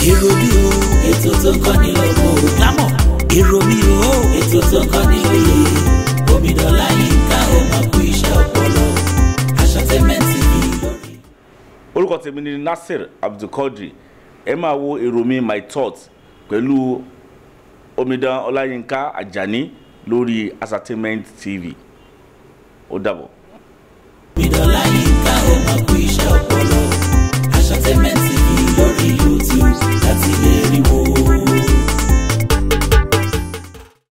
èrò mi o ètò tó kọ́ ni lọ́gbọ̀n dámọ̀ èrò mi o ètò tó kọ́ ni lóye omidola yinka o máa kú iṣẹ́ ọpọlọ Asatainment TV lórí. orúkọ tèmi ni Nasir Abdulkadir ẹ máa wo èrò mi my thoughts pẹ̀lú omidan Ọláyínká Àjàní lórí Asatainment TV ó dàbọ̀.